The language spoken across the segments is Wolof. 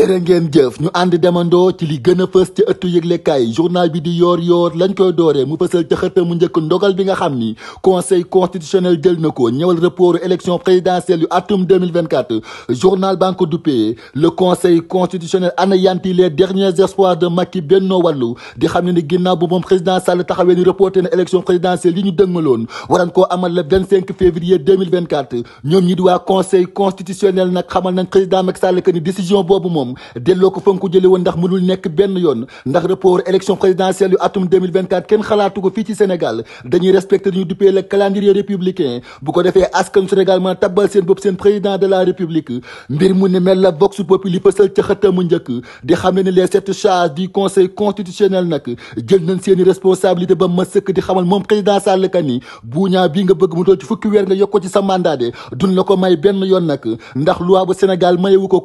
jërë ngeen jëf ñu ànd demandoo ci li gën a fës ci ëttu yëglekaay journal bi di yoor yoor lañ koy dooree mu fësal ca xëta mu njëkk ndogal bi nga xam ni conseil constitutionnel jël na ko ñëwal report élection présidentielle yu atum 2024 journal banque du pays le conseil constitutionnel anéantit les derniers espoirs de Macky Benno Wallu di xam ne ni ginnaaw bu moom président Sall taxawee ni reporté na élection présidentielle yi ñu dëgmaloon waran koo amal le 25 février 2024 ñoom ñi di waa conseil constitutionnel nag xamal boobu moom am delloo ko fa nga ko jële woon ndax mënul nekk benn yoon ndax report élection présidentielle yu atum kenn xalaatu ko fii ci Sénégal dañuy respecté dañu duppee le calendrier républicain bu ko defee askan Sénégal mën a tabbal seen bopp seen président de la république mbir mu ne mel la vox populi fësal ca xëttamu njëkk di xam ne les sept charges du conseil constitutionnel nag jël nañ seeni responsabilité ba ma sëkk di xamal moom président Sall ko ci yoon nag ndax loi bu Sénégal mayewu ko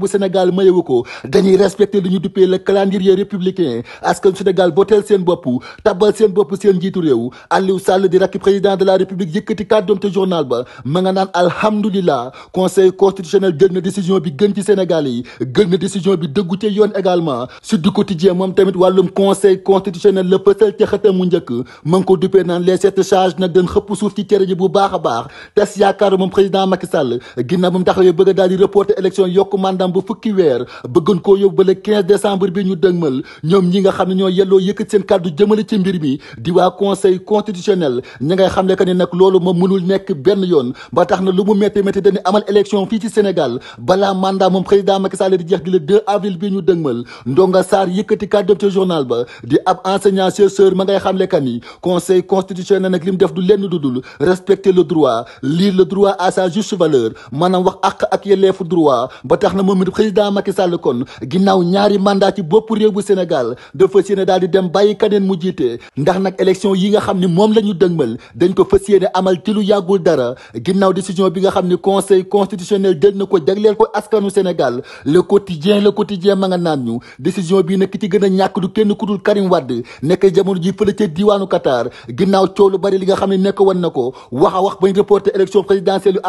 bu Sénégal mayewu ko dañuy respecté lu ñu duppee le calendrier républicain askan Sénégal boteel seen bopp tabal seen bopp seen njiitu réew Aliou Sall di rakki président de la république yëkkati kàddoom te journal ba ma nga naan alhamdulilah conseil constitutionnel jël na décision bi gën ci Sénégal yi gën na décision bi dëggu ci yoon également Sud du Quotidien moom tamit wàllum conseil constitutionnel la pësal ca xëtam mu njëkk ma ngi ko duppee naan les sept charges APR bëggoon koo yóbbale 15 décembre bi ñu dëgmal ñoom ñi nga xam ne ñoo yelloo yëkkat seen kàddu jëmale ci mbir mi di waa conseil constitutionnel ñi ngay xam ne que ni nag loolu moom mënul nekk benn yoon ba tax na lu mu métti métti dañu amal élection fii ci Sénégal balaa mandat moom président Macky Sall di jeex gi le avril bi ñu dëgmal Ndonga Sarr yëkkati kàddoom ci journal ba di ab enseignant chercheur ma ngay xam ne ni conseil constitutionnel nag li mu du le droit lire le droit à sa juste valeur maanaam wax àq ak yelleefu droit na Macky Sall kon ginnaaw ñaari mandat ci bopp réew bu Sénégal dafa fas yéene daal dem bàyyi kaneen mu jiite ndax nag élection yi nga xam ni moom la ñu dëgmal dañ ko fas yéene amal ci lu yàggul dara ginnaaw décision bi nga xam ni conseil constitutionnel jël na ko jagleel ko askanu Sénégal le quotidien le quotidien ma nga naan ñu décision bii nag ki ci gën a ñàkk du kenn ku Karim Wade nekk jamono ji fële ca diwaanu Qatar ginnaaw coow bari li nga xam ne nekk a wax bañ reporté élection présidentielle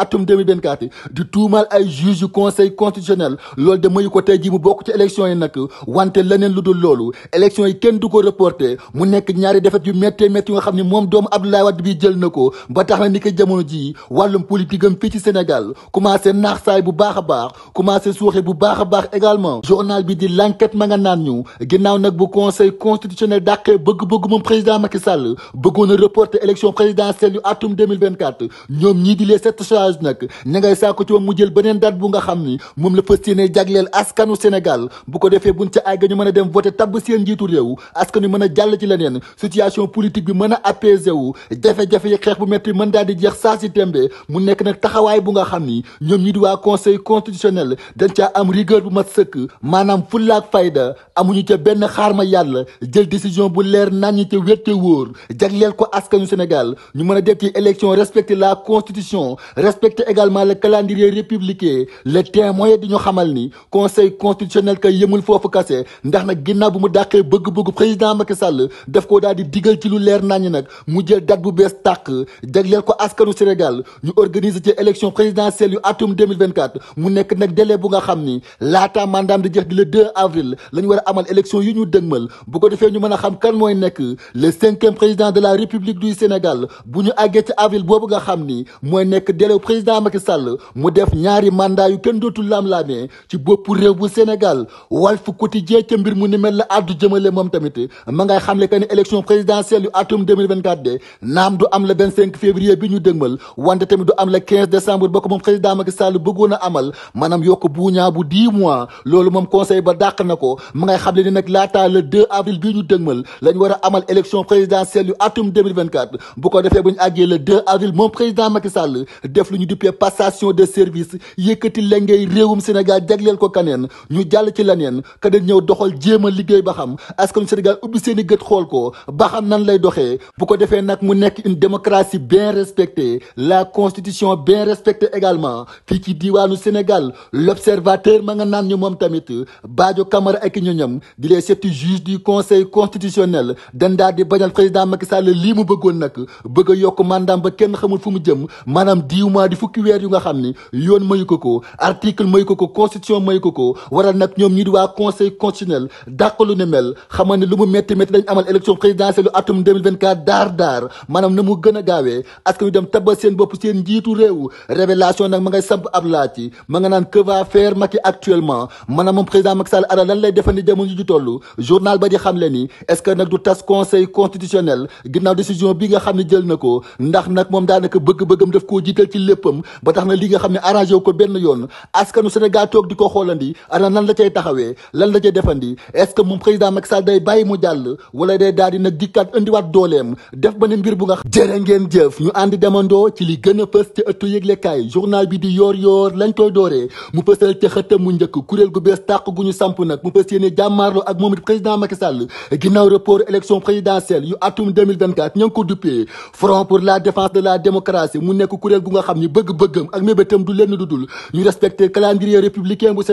mayu ko tey ji mu bokk ci élection yi nag wante leneen lu dul loolu élection yi kenn du ko reporté mu nekk ñaari defet yu méttee métti yu nga xam ne moom doomu Abdoulaye Wade bi jël na ko ba tax na ni ko jamono ji wàllum politique fii ci Sénégal commencé naax saay bu baax a baax commencé suuxe bu baax a baax également journal bi di l'enquête ma nga naan ñu ginnaaw nag bu conseil constitutionnel dàqee bëgg-bëgg moom président Macky Sall bëggoon a jagleel askanu Sénégal bu ko defee buñ ca àgg ñu mën a dem voté tabb seen njiitu réew askan wi mën a jàll ci leneen situation politique bi mën a apaisé wu jafe-jafe yi xeex bu metti mën daal di jeex saa si tembe mu nekk nag taxawaay bu nga xam ni ñoom ñi di waa conseil constitutionnel dañ ca am rigueur bu mat sëkk maanaam fullaak fayda amuñu ca benn xaar ma yàlla jël décision bu leer naan ñi ca wétte wóor jagleel ko askanu Sénégal ñu mën a def ci élection respecté la constitution respecté également le calendrier républicain le témoin di ñu xamal ni conseil constitutionnel kay yëmul foofu kase ndax nag ginnaaw bu mu dàqee bëgg-bëgg président Macky Sall daf koo daal di digal ci lu leer naññ nag mu jël date bu bees tàq jagleel ko askanu Sénégal ñu organiser ci élection présidentielle yu atum 2024 mu nekk nag délai bu nga xam ni laata mandaam di jeex di le 2 avril la ñu war a amal élection yi ñu dëgmal bu ko defee ñu mën a xam kan mooy nekk le cinquième président de la république du Sénégal bu ñu àggee ci avril boobu nga xam ni mooy nekk délai président Macky Sall mu def ñaari mandat yu kenn bopp réew bu Sénégal Walf Quotidien ca mbir mu ni mel la addu jëmale moom tamit ma ngay xamle que élection présidentielle yu atum du am le décembre ba ko moom président Macky Sall bëggoon a amal maanaam yokk buuñaa bu 10 loolu moom conseil ba dàq na ko ma ngay xamle ni nag laata le 2 avril bi ñu dëgmal lañ war a amal élection présidentielle yu atum 2024 ko defee bu ñu àggee le 2 avril moom président Macky Sall def lu ñu duppee passation ko kaneen ñu jàll ci leneen kaneen ñëw doxal jéem a liggéey ba xam askan Sénégal ubbi seen i gët xool ko ba xam nan lay doxee bu ko defee nag mu nekk une démocratie bien respectée la constitution bien respectée également fii ci diwaanu Sénégal l'observateur ma nga naan ñu moom tamit Badio Camara ak ñu ñam di les sept juges du conseil constitutionnel dandaa di bañal président Macky Sall lii mu bëggoon nag bëgg a yokk mandaam ba kenn xamul fu mu jëm maanaam diw mois di fukki weer yu may ko waral nag ñoom ñi di waa conseil constitutionnel dàq lu ne mel xamal lu mu métti métti dañ amal élection présidentielle atum daar daar maanaam na mu gën a gaawee askan dem tabal seen bopp seen njiitu réew révélation nag ma ngay samp ab laaj ci ma nga naan que va faire actuellement maanaam moom président Macky Sall ara lay defandi jamono ju toll journal ba di xam le est-ce que nag du tas conseil constitutionnel ginnaaw décision bi nga xam ne tollandi ana nan la cay taxawee lan la cay defandi est-ce que moom président Macky Sall day bàyyi mu jàll wala day daal nag dikkaat indiwaat dooleem def ba ne mbir bu nga jërë ngeen jëf ñu àndi demandoo ci li gën a ci ëttu yëglekaay journal bi di yoor yoor lañ koy dooree mu fësal ca xëttam mu njëkk kuréel gu bees tàq gu ñu samp nag mu fës yéene jàmmaarloo ak moom it président Macky Sall ginnaaw report élection présidentielle yu atum 2024 ko duppee front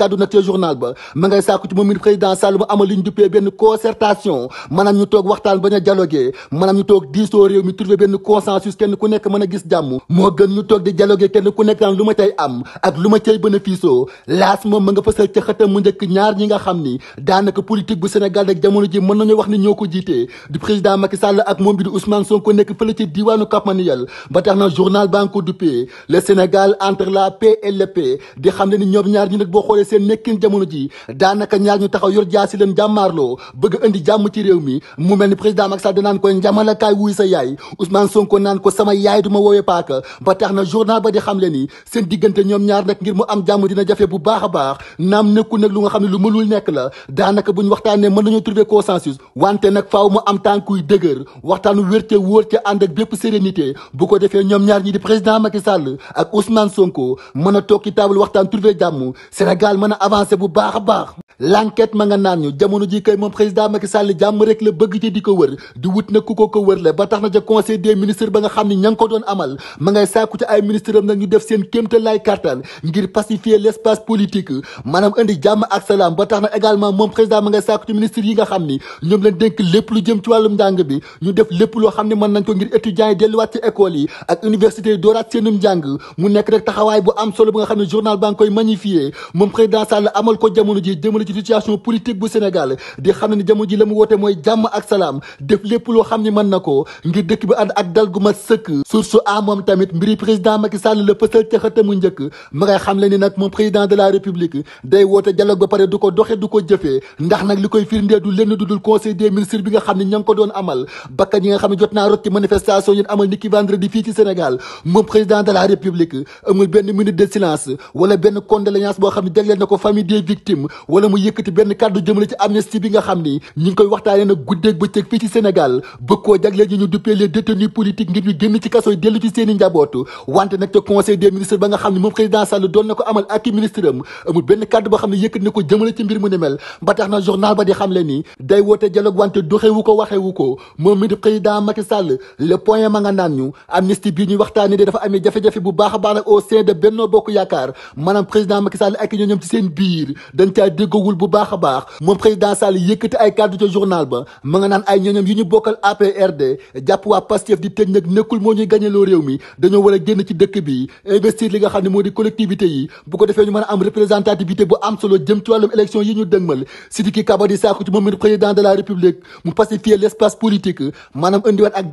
candidature journal ba ma ngay sàkku ci moom mi président Sall mu amal li duppee benn concertation maanaam ñu toog waxtaan bañ a dialogué ñu toog diisoo réew mi trouver benn consensus kenn ku nekk mën gis jàmm moo gën ñu toog di dialogué kenn ku nekk naan lu ma cay am ak lu ma cay bénéfice laas moom ma nga fësal ca xëtam mu njëkk ñaar ñi nga xam ni daanaka politique bu Sénégal rek jamono ji mën nañu wax ni ñoo ko jiitee du président seen nekkin jamono ji daanaka ñaar ñu taxaw yor jaasi leen jàmmaarloo bëgg indi jàmm ci réew mi mu mel ni président Macky Sall dinaan koy njamalakaay wuy sa yaay Ousmane Sonko naan ko sama yaay du ma woowee paaka ba tax na journal ba di xam le ni seen diggante ñoom ñaar nag ngir mu am jàmm dina jafe bu baax a baax naam nekku nag lu nga xam ne lu mënul nekk la daanaka buñ waxtaanee mën nañoo trouver consensus wante nag faaw mu am tànkuy dëgër waxtaanu wérte wóor te ànd ak bépp sérénité bu ko defee ñoom ñaar ñi président Macky Sall ak Ousmane Sonko mën a toog ci waxtaan trouver jàmm Sénégal mën a avancer bu baax a baax l'enquête ma nga naan ñu jamono ji kay moom président Macky Sall jàmm rek la bëgg ci di ko wër di wut nag ku ko ko wër le ba tax na ca conseil des ministres ba nga xam ni ña ngi ko doon amal ma ngay sàkku ci ay ministre seen kéemtalaay kàttan ngir pacifier l'espace politique maanaam jàmm ak ba tax na également moom président ma ngay sàkku nga xam ni ñoom lañ dénk lépp lu jëm ci wàllum njàng bi ñu def lépp loo xam ne mën nañ ko ngir étudiants yi delluwaat ci école yi ak université yi dooraat seenum njàng mu nekk rek taxawaay bu am solo bu nga xam ne journal baa ngi koy magnifier moom président Sall amal ko jamono ji jëmale ci situation politique bu Sénégal di xam ne ni jamono ji la mu woote mooy jàmm ak salaam def lépp loo xam ni mën na ko ngir dëkk bi ànd ak dal gu mat sëkk source a tamit mbiri président Macky Sall la pësal ca xëtamu njëkk ma ngay xam le ni nag moom président de la république day woote dialogue ba pare du ko doxe du ko jëfee ndax nag li koy firndee du lenn du dul conseil des ministres bi nga xam ne ña ngi ko doon jagleel na ko famille des victimes wala mu yëkkati benn kàddu jëmale ci amnistie bi nga xam ni ñi ngi koy waxtaane nag guddeeg bëccëg fii ci Sénégal bëgg koo jagleel ñu ñu duppee les ngir ñu génn ci kaso dellu ci seen i njaboot wante nag conseil des ministres ba nga xam ne moom président Sall doon na ko amal ak i ministre benn kàddu boo xam ne yëkkati na ko jëmale ci mbir mu ni mel ba tax na journal ba di xam ni day woote dialogue wante a baax ci seen biir dañ caa déggowul bu baax a baax moom président Sall yëkkati ay kàddu ca journal ba ma nga naan ay ñoñam yu ñu bokkal APRD jàpp waa Pastef di tëj nag nekkul moo ñuy gàñeloo réew mi dañoo war a génn ci dëkk bi investir li nga xam ne moo di collectivité yi bu ko defee ñu mën a am représentativité bu am solo jëm ci wàllum élection yi ñu dëgmal Sidiki Kaba di saaku ci moom it président de la République mu pacifier l' espace politique maanaam indiwaat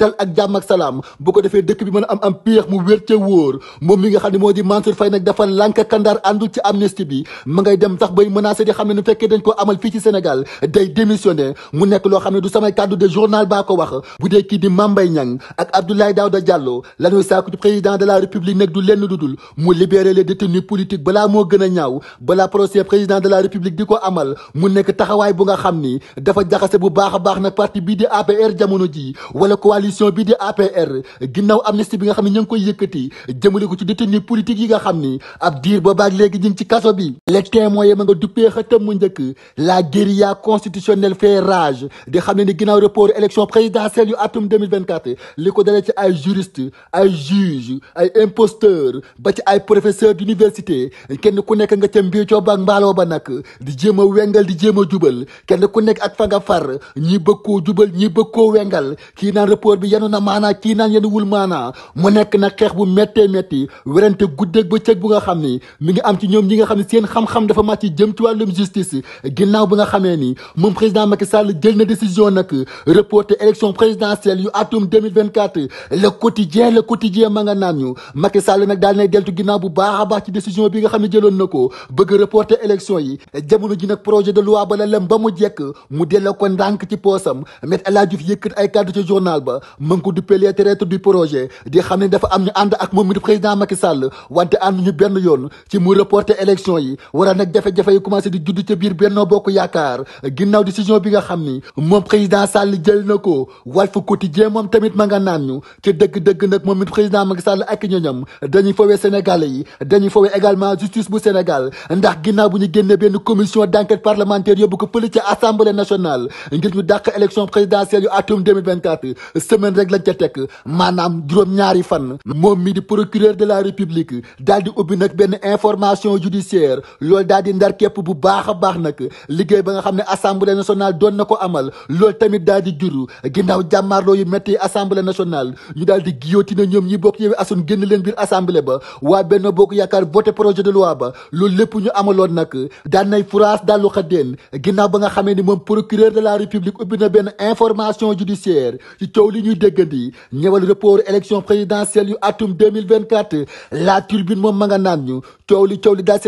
ko defee dëkk bi mën a am am peex mu wér ca wóor moom mi xam ne moo di Mansour Faye nag dafa lànk kandaar àndul ci amnistie bi ma ngay dem sax bay menacé di xam ne nu fekkee dañ koo amal fii ci Sénégal day démissionné mu nekk loo xam ne du samay kàddu de journal baa ko wax bu dee kii di Mame Mbaye Niang ak Abdoulaye Daouda Diallo la ñuy sàkku ci président de la République nekk du lenn du dul mu libérer les détenus politiques balaa moo gën a ñaaw balaa procès président de la République di ko amal mu nekk taxawaay bu nga xam ni dafa jaxase bu baax a baax nag parti bi di APR jamono ji wala coalition bii di APR ginnaaw amnistie bi nga xam ne ñu ngi koy yëkkati jëmale ko ci détenus politiques yi nga xam ni ab diir boobaak léegi ñu ngi ci kaso bi le témoin ya ma nga duppee xëtam mu njëkk la guérilla constitutionnelle fait rage di xam ne ni ginnaaw report élection présidentielle yu atum 2024 li ko dalee ci ay juriste ay juge ay imposteur ba ci ay professeur d'université kenn ku nekk nga ca mbiicoob ak mbaaloo ba nag di jéem a wengal di jéem a jubal kenn ku nekk ak fa nga far ñi bëgg koo jubal ñi bëgg koo wengal kii naan report bi yenu na maanaa kii naan yenuwul maanaa mu nekk na xeex bu méttee métti werante guddeeg bëccëg bu nga xam ni mi ngi am ci ñoom ñi nga xam ne seen xam-xam dafa ci jëm ci wàllum justice ginnaaw bi nga xamee ni moom président Macky Sall jël na décision nag reporter élection présidentielle yu atum 2024 le quotidien le quotidien ma nga naan ñu Macky Sall nag daal nay deltu ginnaaw bu baax a baax ci décision bi nga xam ne jëloon na ko bëgg reporter élection yi jamono ji nag projet de loi ba la lem ba mu jekk mu delloo ko ndànk ci poosam met El Hadj Diouf yëkkat ay kàddu ci journal ba ma ngi ko duppee les traîtres du projet di xam ne dafa am ñu ànd ak moom mi président Sall wante ànd ñu benn yoon ci mu reporter élection yi wara nag jafe-jafe yi commencé di judd ca biir Benno Bokk Yaakaar ginnaaw décision bi nga xam ni moom président Sall jël na ko Walf Quotidien moom tamit ma nga naan ñu ci dëgg-dëgg nag moom it président Macky Sall ak ñoñam dañuy fowee Sénégalais yi dañuy fowee également justice bu Sénégal ndax ginnaw bu ñu génnee benn commission d'enquête parlementaire yóbbu ko fële ci assemblée nationale ngir ñu dàq élection présidentielle yu atum 2024 semaine rek lañ ca tekk maanaam juróom-ñaari fan moom mi di procureur de la république daal di nag benn information judiciaire loolu daal di ndar képp bu baax a baax nag liggéey ba nga xam ne assemblée nationale doon na ko amal loolu tamit daal di juru ginnaaw jàmmaarloo yi métti assemblée nationale ñu daal di guillotine ñoom ñi bokk Yewwi Askan génn leen biir assemblée ba waa Benno Bokk Yaakaar voté projet de loi ba loolu lépp ñu amaloon nag daan nay France daal lu xaddeen ginnaaw ba nga xamee ni moom procureur de la république ubbi na benn information judiciaire ci coow li ñuy déggandi ñëwal report élection présidentielle yu atum 2024 la turbine ma naan ñu coow li coow li daal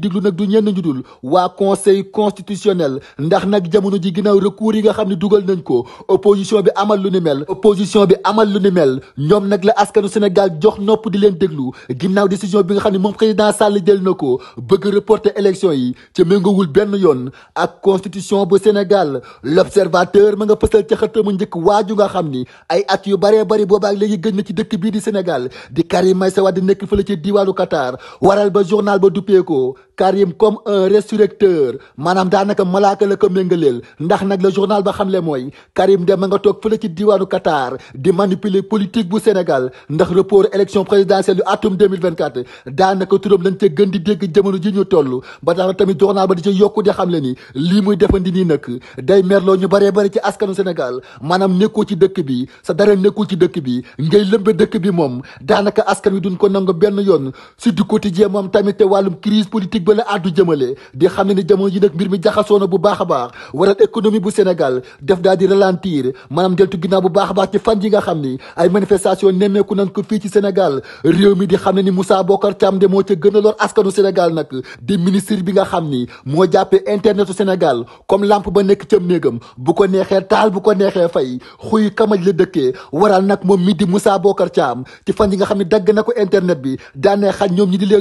diglu nag du ñenn ñu dul waa conseil constitutionnel ndax nag jamono ji ginnaaw recours yi nga xam ne dugal nañ ko opposition bi amal lu ni mel opposition bi amal lu ni mel ñoom nag la askanu Sénégal jox nopp di leen déglu ginnaaw décision bi nga xam ne moom président Sall jël na ko bëgg reporter élection yi ci méngawul benn yoon ak constitution bu Sénégal l'observateur ma nga pësal ca xëtamu njëkk waaju nga xam ni ay at yu baree bari boobaak léegi gëj na ci dëkk bii di Sénégal di Karim Meïssa Wade di nekk fële ca diwaanu Qatar waral ba journal ba duppeekoo Karim comme un résurrecteur maanaam daanaka malaaka la ko méngaleel ndax nag le journal ba xamle mooy Karim Deme nga toog fële ci diwaanu Qatar di manipuler politique bu Sénégal ndax report élection présidentielle yu atum 2024 daanaka turam lañ ca gën di dégg jamono ji ñu toll ba tax tamit journal ba di ca yokku di xamle ni lii muy defandi nii nag day merloo ñu bëree bëri ci askanu Sénégal maanaam nekkoo ci dëkk bi sa dara nekkul ci dëkk bi ngay lëmbe dëkk bi moom daanaka askan wi duñ ko nangu benn yoon si du quotidien moom politique ba la àddu jëmale di xam ne ni jamono ji nag mbir mi jaxasoo na bu baax a baax waral économie bu Sénégal def daal di ralentir maanaam deltu ginnaaw bu baax a baax ci fan yi nga xam ni ay manifestation nemmeeku nañ ko fii ci Sénégal réew mi di xam ne ni Moussa Bocar Thiam de moo ca gën a lor askanu Sénégal nag di ministre bi nga xam ni moo jàppee internetu Sénégal comme làmp ba nekk cam néegam bu ko neexee taal bu ko neexee fay xuy kamaj la dëkkee waral nag moom mi di Moussa Bocar Thiam ci fan yi nga xam ne dagg na ko internet bi daanee xañ ñoom ñi di les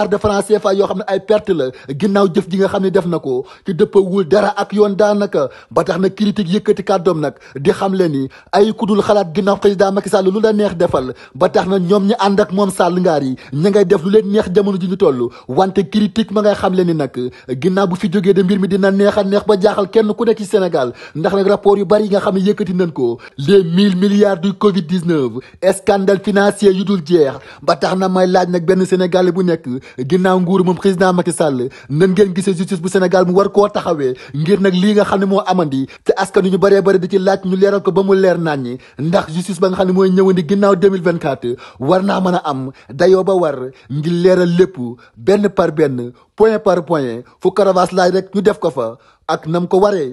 milliards de francs CFA yoo xam ne ay perte la ginnaaw jëf ji nga xam ne def na ko ci dëppawul dara ak yoon daanaka ba tax na critique yëkkati kàddoom nag di xam le ni ay kudul xalaat ginnaaw président Macky Sall lu la neex defal ba tax na ñoom ñi ànd ak moom Sall ngaar yi ña ngay def lu leen neex jamono ji ñu toll wante critique ma ngay xam le ni nag ginnaaw bu fi jógee de mbir mi dina neex a neex ba jaaxal kenn ku nekk ci Sénégal ndax nag rapport yu bari yi nga xam ne yëkkati nañ ko les mille milliards du Covid 19 scandale financier yu dul jeex ba tax na may laaj nag benn Sénégalais bu nekk ginnaaw nguur moom président Macky Sall nan ngeen gisee justice bu Sénégal mu war koo taxawee ngir nag lii nga xam ne moo amandi te askan wi ñu bëree bëri di ci laaj ñu leeral ko ba mu leer naan ñi ndax justice ba nga xam ne mooy ñëwandi ginnaaw 2024 war naa mën a am dayo ba war ngir leeral lépp benn par benn point par point fu Caravage laaj rek ñu def ko fa ak nam ko waree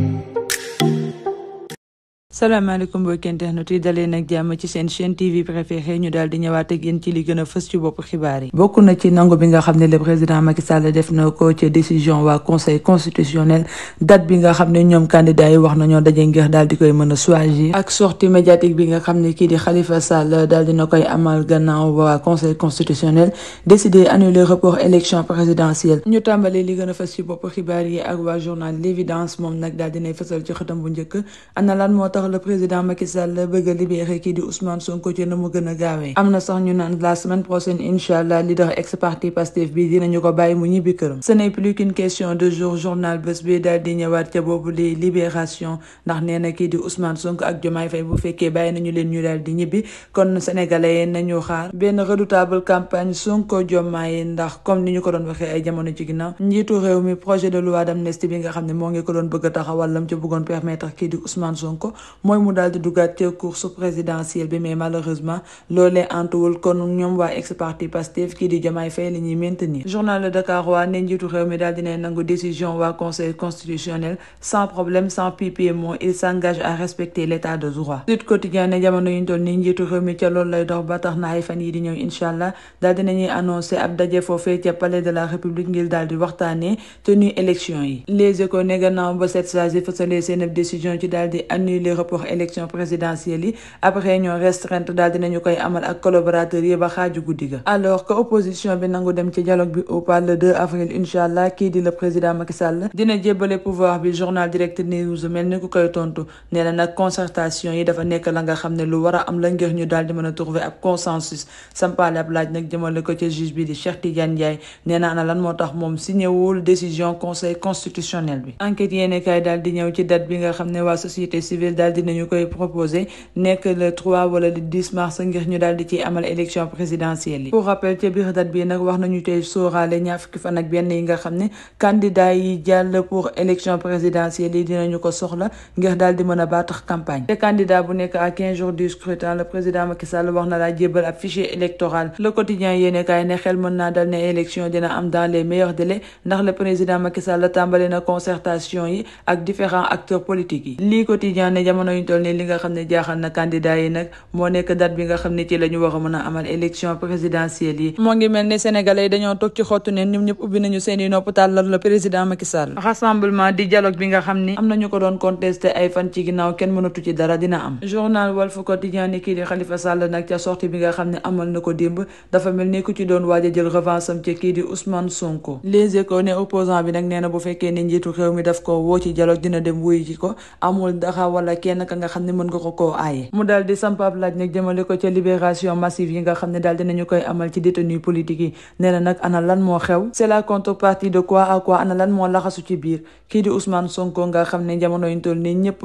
salaamaaleykum mbokki internet yi dalee nag jàmm ci seen chaîne tv préférée ñu daal di ñëwaat ak yéen ci li gën a fës ci bopp xibaar yi bokk na ci nangu bi nga xam ne le président Macky Sall def na ko ci décision waa conseil constitutionnel date bi nga xam ne ñoom candidat yi wax nañoo daje ngir daal di koy mën a choisir ak sortie médiatique bi nga xam ne kii di Khalifa Sall daal dina koy amal gannaaw waa conseil constitutionnel décidé annuler report élection présidentielle ñu tàmbalee li gën a fës ci bopp xibaar yi ak waa journal l' évidence moom nag daal dinay fësal ci xëtam bu njëkk tax le président Macky Sall bëgg a libéré kii di Ousmane Sonko ci na mu gën a am na sax ñu naan la semaine prochaine incha allah leader ex parti Pastef bi dinañu ko bàyyi mu ñibbi këram ce n'est plus qu'une question de di ñëwaat ca boobu li libération ndax nee na kii di Ousmane Sonko ak Diomaye Faye bu fekkee bàyyi nañu leen ñu daal di ñibbi kon sénégalais yi nañu xaar benn redoutable campagne Sonko Diomaye ndax comme ni ñu ko doon waxee ay jamono ci ginnaaw njiitu réew mi projet de loi d'amnistie bi nga xam ne moo ngi ko doon bëgg taxawal lam ci bëggoon permettre kii di Ousmane Sonko mooy mu daal di duggaat ci course présidentielle bi mais malheureusement loolee antuwul kon ñoom waa ex parti Pastef di Diomaye Faye la ñuy journal de Dakar waa ne njiitu réew mi daal dina nangu décision waa conseil constitutionnel sans problème sans pipiement il s'engage à respecter l'état de droit Sud Quotidien ne jamono yuñ njiitu réew mi ca loolu lay dox ba tax na ay fan yi di ñëw incha allah daal dinañuy annoncé ab daje foofee ca palais la république ngir daal di waxtaanee tenue élection yi Les report élection présidentielle yi ab réunion restreinte daal dinañu koy amal ak collaborateurs yi ba xaaju guddi ga alors que opposition bi nangu dem ci dialogue bi au par le 2 avril incha allah kii di le président Macky dina jébbale pouvoir bi journal direct news mel ni ku koy tontu nee nag concertation yi dafa nekk la nga xam ne lu war a am la ngir ñu daal di mën a ab consensus sampaale ab laaj nag jëmale ko ci juge bi di Cheikh daal dinañu koy proposé nekk le 3 wala le 10 mars ngir ñu daal di ciy amal élection présidentielle yi pour rappel ca biir date bi nag wax nañu tey sóoraale ñaar fukki fan ak benn yi nga xam ne candidat yi jàll pour élection présidentielle yi dinañu ko soxla ngir daal di mën a baatax campagne te candidat bu nekk à 15 jours du scrutin le président Macky Sall wax na laa jébbal ab fichier électoral le quotidien yéene kaay ne xel mën naa dal ne élection dina am dans les ak différents yi jamono yuñ nga xam ne jaaxal na candidat yi nag moo nekk date bi nga xam ne ci la ñu a mën a amal élection présidentielle yi moo ngi mel ni sénégalais yi dañoo toog ci xottu neen ñoom ñëpp i dara dina am journal Walf Quotidien ni kii di Khalifa Sall nag ca sortie bi nga xam ne amal na ko démb dafa mel ni ci doon waaj jël revanche ci kii di Ousmane Sonko Les Échos ne opposant bi nag nee bu fekkee ne njiitu réew mi daf ko woo ci dialogue dina dem wuyu ji ko amul kenn ka nga xam ne mën nga koo aaye mu daal di samp ab laaj nag jëmale ko ca libération massive yi nga nii ñëpp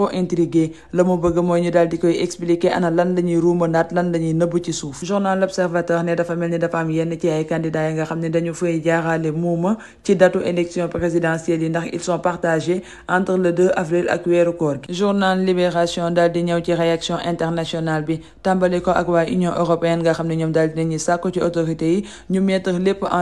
trop intrigué la mu bëgg mooy ñu daal di koy expliquer ana lan la ñuy ruumanaat lan la ñuy nëbb ci suuf journal l'observateur ne dafa mel ni dafa am yenn ci ay candidats yi nga xam ne dañu fay jaarale muuma ci datu élection présidentielle yi ndax ils sont partagés entre le avril ak weeru koor gi journal libération daal ñëw ci réaction internationale bi tàmbali ko ak waa union européenne nga xam ne ñoom daal nañuy sàkku ci autorités yi ñu mettre lépp a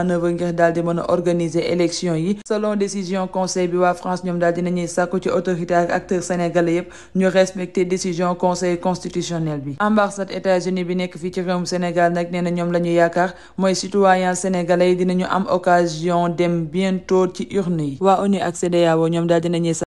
sénégalais yëpp ñu respecter décision conseil constitutionnel bi ambassade États-Unis bi nekk fii ci réewum Sénégal nag nee ñoom la yaakaar mooy citoyen sénégalais yi dinañu am occasion dem bientôt ci urne yi waa ONU ak CEDEAO ñoom daal dinañuy